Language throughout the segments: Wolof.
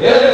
Yeah.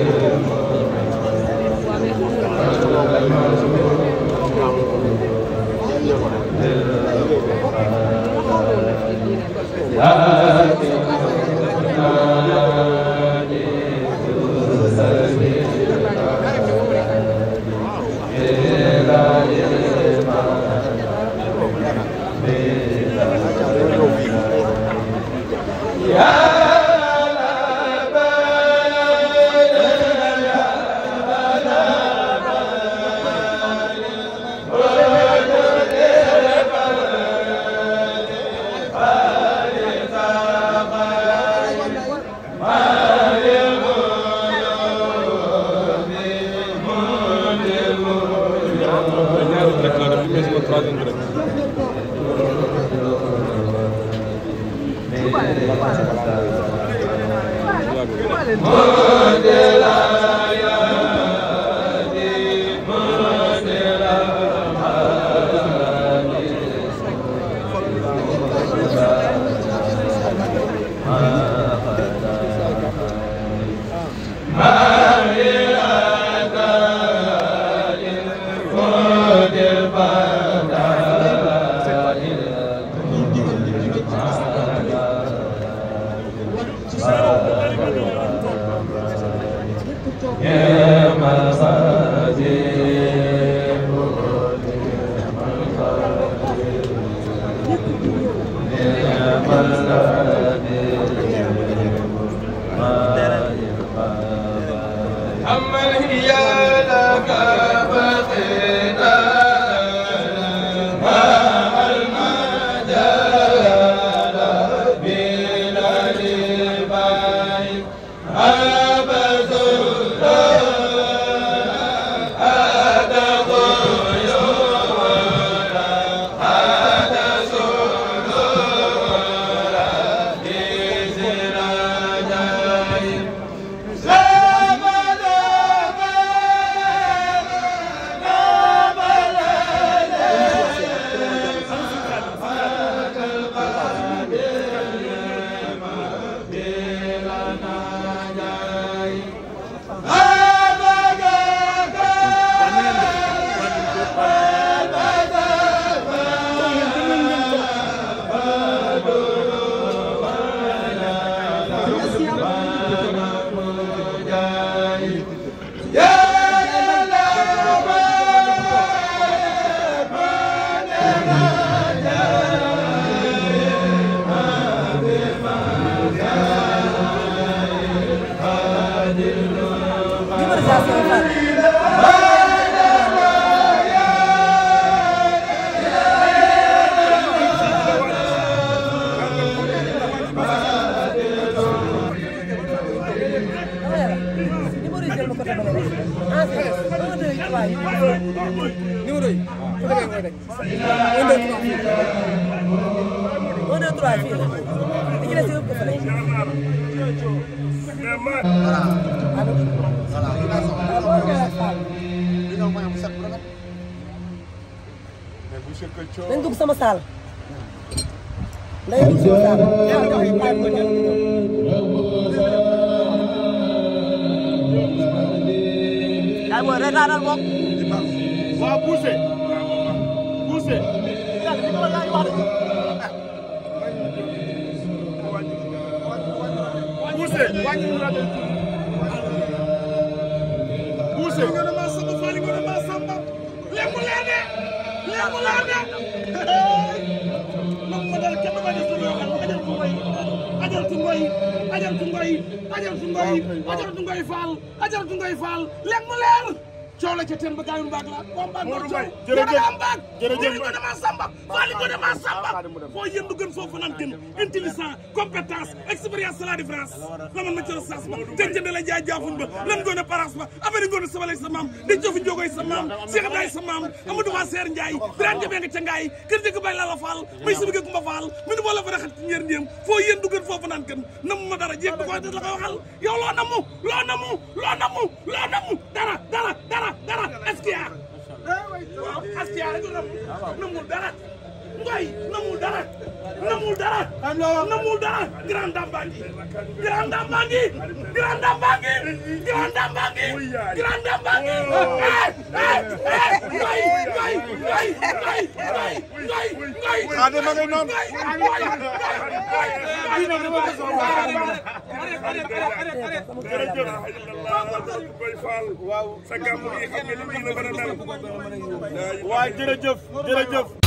le troisième grec. Mondial. أما هي لك numéro yi. fu demee mooy rek. 1 2 3. 1 2 3 fii la. li ci des yëpp dafa lay. voilà. voilà li nga soxla. li nga may am set bu rafet. dañ dugg sama saal. ndax yéen a ngi sama saal. waaye mooy reetaanal moom. waaw poussé. poussé. poussé. poussé. poussé. ajaratu ngoy ajaratu ngoy ajaratu ngoy ajaratu ngoy faal ajaratu ngoy faal léegi mu leer coow la ca teen ba gaayum mbaag la ko mbaag moo coow jërëjëf mbaag jërëjëf ko dama samba faali ko dama samba foo yëmb gën foo fanaan gën intelligent compétence expérience c'est la différence la man ma ci sas ba tenc da la jaay jaafun ba lan goon a parence ba affaire goon a sabalay sa maam dañ jofi njogoy sa maam Cheikh Abdoulaye sa maam Amadou Ba Seer Ndiaye biraan jamee nga ca ngaay kër jëkk bay lala faal may sama gëg ma faal mi nu wala fa raxat ci ñeer ndéem foo yëndu gën foo fanaan gën namu ma dara jéem da koy da la koy waxal yow loo namu loo namu loo namu loo namu dara dara dara dara Askia waaw Askia rek namul dara Ngoy namul dara namul dara namul dara Grand Dame baa ngi Grand Dame baa ngi Grand Dame baa ngi Grand Dame baa ngi Grand Dame baa ngi Ngoy Ngoy Ngoy Ngoy Ngoy Ngoy Ngoy Ngoy Ngoy waaw sa gàmm yi xam nga ni lii la mën a mel. waaw jërëjëf jërëjëf.